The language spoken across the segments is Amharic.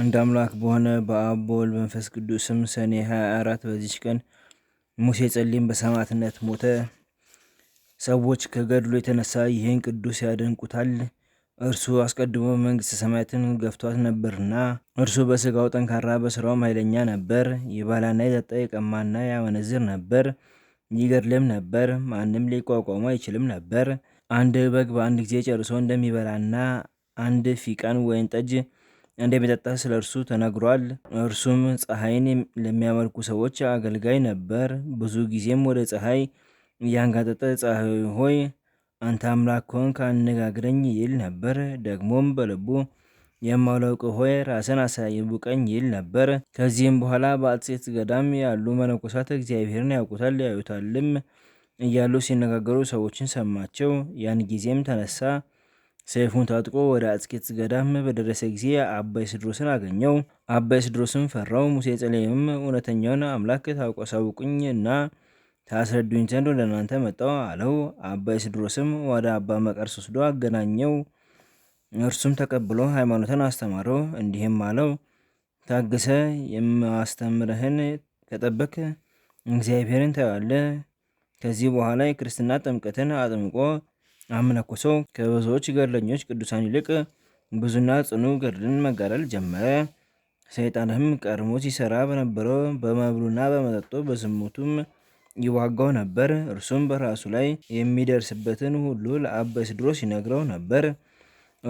አንድ አምላክ በሆነ በአብ በወልድ መንፈስ ቅዱስም ሰኔ 24 በዚች ቀን ሙሴ ጸሊም በሰማዕትነት ሞተ። ሰዎች ከገድሉ የተነሳ ይህን ቅዱስ ያደንቁታል። እርሱ አስቀድሞ መንግሥተ ሰማያትን ገፍቷት ነበርና። እርሱ በስጋው ጠንካራ በስራውም ኃይለኛ ነበር። የባላና የጠጣ የቀማና ያመነዝር ነበር፣ ይገድልም ነበር። ማንም ሊቋቋሙ አይችልም ነበር። አንድ በግ በአንድ ጊዜ ጨርሶ እንደሚበላና አንድ ፊቀን ወይን ጠጅ እንደሚጠጣ ስለ እርሱ ተነግሯል። እርሱም ፀሐይን ለሚያመልኩ ሰዎች አገልጋይ ነበር። ብዙ ጊዜም ወደ ፀሐይ እያንጋጠጠ ፀሐይ ሆይ አንተ አምላክ ከሆንክ አነጋግረኝ ይል ነበር። ደግሞም በልቡ የማላውቅ ሆይ ራስን አሳይቡቀኝ ይል ነበር። ከዚህም በኋላ በአጼት ገዳም ያሉ መነኮሳት እግዚአብሔርን ያውቁታል ያዩታልም እያሉ ሲነጋገሩ ሰዎችን ሰማቸው። ያን ጊዜም ተነሳ ሰይፉን ታጥቆ ወደ አጽቂት ገዳም በደረሰ ጊዜ አባ ይስድሮስን አገኘው። አባ ይስድሮስም ፈራው። ሙሴ ጸሌምም እውነተኛውን አምላክ ታውቀሳውቁኝ እና ታስረዱኝ ዘንድ ወደ እናንተ መጣው አለው። አባ ይስድሮስም ወደ አባ መቀርስ ወስዶ አገናኘው። እርሱም ተቀብሎ ሃይማኖትን አስተማረው። እንዲህም አለው፣ ታግሰ የማስተምርህን ከጠበቅ እግዚአብሔርን ታያለ። ከዚህ በኋላ የክርስትና ጥምቀትን አጥምቆ አመነኮሰ። ከብዙዎች ገድለኞች ቅዱሳን ይልቅ ብዙና ጽኑ ገድልን መጋደል ጀመረ። ሰይጣንም ቀድሞ ሲሰራ በነበረው በመብሉና በመጠጡ በዝሙቱም ይዋጋው ነበር። እርሱም በራሱ ላይ የሚደርስበትን ሁሉ ለአባ ስድሮስ ይነግረው ነበር።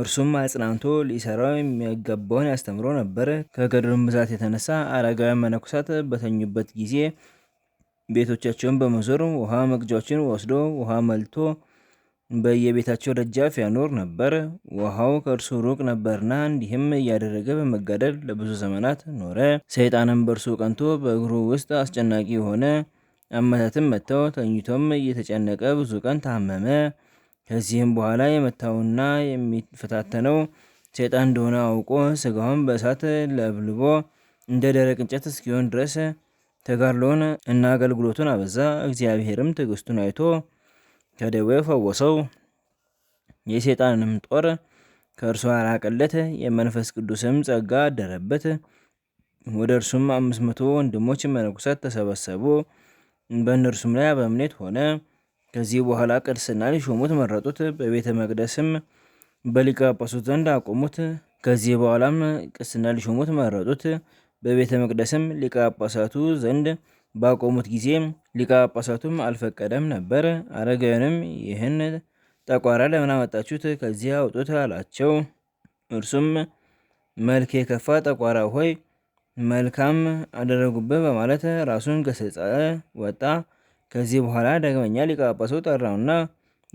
እርሱም አጽናንቶ ሊሰራው የሚገባውን ያስተምሮ ነበር። ከገድሉም ብዛት የተነሳ አረጋውያን መነኮሳት በተኙበት ጊዜ ቤቶቻቸውን በመዞር ውሃ መቅጃዎችን ወስዶ ውሃ መልቶ በየቤታቸው ደጃፍ ያኖር ነበር። ውሃው ከእርሱ ሩቅ ነበርና፣ እንዲህም እያደረገ በመጋደል ለብዙ ዘመናት ኖረ። ሰይጣንም በእርሱ ቀንቶ በእግሩ ውስጥ አስጨናቂ የሆነ አመታትም መታው። ተኝቶም እየተጨነቀ ብዙ ቀን ታመመ። ከዚህም በኋላ የመታውና የሚፈታተነው ሰይጣን እንደሆነ አውቆ ስጋውን በእሳት ለብልቦ እንደ ደረቅ እንጨት እስኪሆን ድረስ ተጋድሎውን እና አገልግሎቱን አበዛ። እግዚአብሔርም ትዕግስቱን አይቶ ከደ የፈወሰው የሰይጣንንም ጦር ከእርሱ አራቀለት። የመንፈስ ቅዱስም ጸጋ አደረበት። ወደ እርሱም አምስት መቶ ወንድሞች መነኮሳት ተሰበሰቡ፣ በእነርሱም ላይ አበምኔት ሆነ። ከዚህ በኋላ ቅድስና ሊሾሙት መረጡት። በቤተ መቅደስም በሊቀ ጳጳሳት ዘንድ አቆሙት። ከዚህ በኋላም ቅስና ሊሾሙት መረጡት። በቤተ መቅደስም ሊቀ ጳጳሳቱ ዘንድ ባቆሙት ጊዜ ሊቀ ጳጳሳቱም አልፈቀደም ነበር። አረጋውያንም ይህን ጠቋራ ለምን አመጣችሁት? ከዚህ አውጡት አላቸው። እርሱም መልክ የከፋ ጠቋራ ሆይ መልካም አደረጉብህ በማለት ራሱን ገሰጸ፣ ወጣ። ከዚህ በኋላ ዳግመኛ ሊቀ ጳጳሱ ጠራውና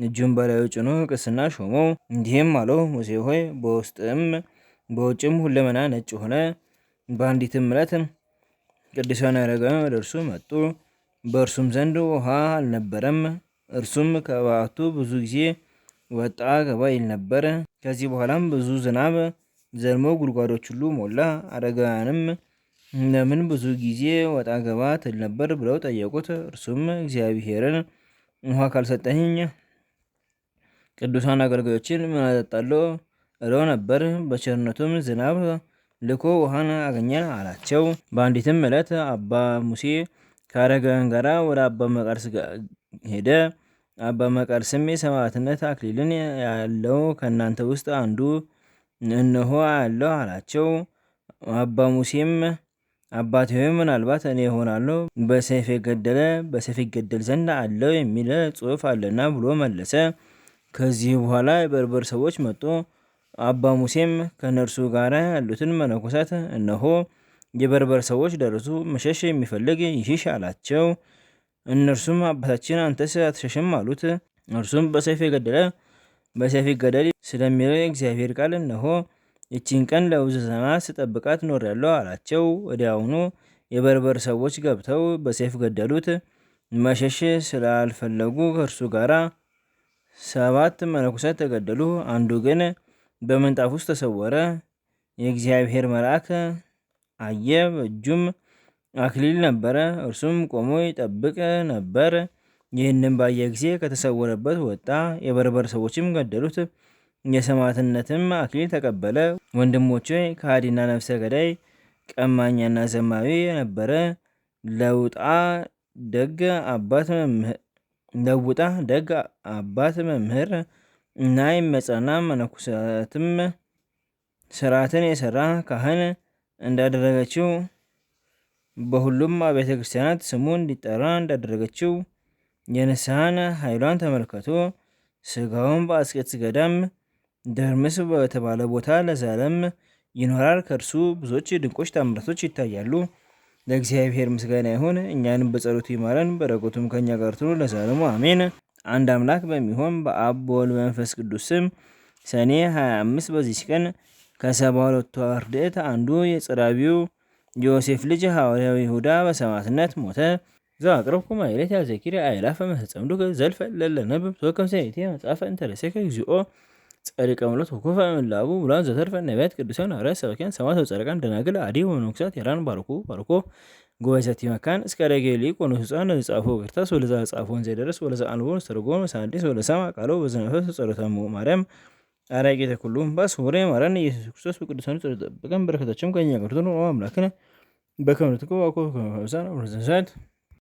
እጁን በላዩ ጭኖ ቅስና ሾመው። እንዲህም አለው፣ ሙሴ ሆይ በውስጥም በውጭም ሁለመና ነጭ ሆነ። በአንዲትም ዕለት ቅዱሳን አረጋውያን ወደ እርሱ መጡ፣ በእርሱም ዘንድ ውሃ አልነበረም። እርሱም ከበዓቱ ብዙ ጊዜ ወጣ ገባ ይል ነበር። ከዚህ በኋላም ብዙ ዝናብ ዘርሞ ጉድጓዶች ሁሉ ሞላ። አረጋውያንም ለምን ብዙ ጊዜ ወጣ ገባ ትል ነበር ብለው ጠየቁት። እርሱም እግዚአብሔርን ውሃ ካልሰጠኝ ቅዱሳን አገልጋዮችን ምን አጠጣለሁ? እለው ነበር። በቸርነቱም ዝናብ ልኮ ውሃን አገኘ አላቸው። በአንዲትም ዕለት አባ ሙሴ ከአረጋውያን ጋር ወደ አባ መቃርስ ሄደ። አባ መቃርስም የሰማዕትነት አክሊልን ያለው ከእናንተ ውስጥ አንዱ እነሆ ያለው አላቸው። አባ ሙሴም አባት ሆይ ምናልባት እኔ እሆናለሁ በሰይፍ የገደለ በሰይፍ ይገደል ዘንድ አለው የሚል ጽሑፍ አለና ብሎ መለሰ። ከዚህ በኋላ የበርበር ሰዎች መጡ። አባ ሙሴም ከእነርሱ ጋር ያሉትን መነኮሳት እነሆ የበርበር ሰዎች ደረሱ፣ መሸሽ የሚፈልግ ይሽሽ አላቸው። እነርሱም አባታችን አንተስ አትሸሽም አሉት። እርሱም በሰይፍ የገደለ በሰይፍ ይገደል ስለሚለው የእግዚአብሔር ቃል እነሆ ይቺን ቀን ለብዙ ዘመናት ስጠብቃት ኖሬያለሁ አላቸው። ወዲያውኑ የበርበር ሰዎች ገብተው በሰይፍ ገደሉት። መሸሽ ስላልፈለጉ ከእርሱ ጋራ ሰባት መነኮሳት ተገደሉ። አንዱ ግን በምንጣፍ ውስጥ ተሰወረ። የእግዚአብሔር መልአክ አየ፣ በእጁም አክሊል ነበረ። እርሱም ቆሞ ይጠብቅ ነበር። ይህንም ባየ ጊዜ ከተሰወረበት ወጣ። የበርበር ሰዎችም ገደሉት። የሰማዕትነትም አክሊል ተቀበለ። ወንድሞቼ፣ ከሃዲና ነፍሰ ገዳይ፣ ቀማኛና ዘማዊ የነበረ ለውጣ ደግ አባት መምህር ለውጣ ደግ አባት መምህር ናይ መጻና መነኮሳትም ስርዓትን የሰራ ካህን እንዳደረገችው በሁሉም አብያተ ክርስቲያናት ስሙ እንዲጠራ እንዳደረገችው የንስሐን ኃይሏን ተመልከቱ። ስጋውን በአስቄጥስ ገዳም ደርምስ በተባለ ቦታ ለዛለም ይኖራል። ከእርሱ ብዙዎች ድንቆች ታምራቶች ይታያሉ። ለእግዚአብሔር ምስጋና ይሁን። እኛንም በጸሎቱ ይማረን፣ በረከቱም ከእኛ ጋር ትኑር ለዘላለሙ አሜን። አንድ አምላክ በሚሆን በአብ በወልድ በመንፈስ ቅዱስ ስም ሰኔ 25 በዚች ቀን ከሰባ ሁለቱ አርድእት አንዱ የጽራቢው ዮሴፍ ልጅ ሐዋርያው ይሁዳ በሰማዕትነት ሞተ። ዛ ዘአቅረብኩ ማሕሌተ ያዘኪር አይላፈ መሰጸምዱ ዘልፈ ለለነብብ ተወከም ሰኔቴ መጽሐፈ እንተ እግዚኦ ጸሪቀ ምሎት ወኮፈ ምላቡ ብላን ዘተርፈ ነቢያት ቅዱሳን ሐዋርያት ሰበኪያን ሰማዕታት ወጻድቃን ደናግል አዲ ወመነኮሳት የራን ባርኩ ባርኮ ጎበዘት ይመካን እስከ ደጌ ሊቆኖስ ህፃን ጻፎ ቅርታስ ወለዛ ጻፎን ዘይደረስ ወለዛ አንቦን ስተርጎም ሳንዲስ ወለሰማ ቃሎ በዝነፈስ ጸሎተ ማርያም አራቂ ተኩሉም ባስ ወሬ ማራን ኢየሱስ ክርስቶስ በቅዱሳኑ ጸሎት ጠብቀን በረከታቸውም ከኛ ጋር ትኑር አምላክነ በከምነት ኮ አኮ ከመሳና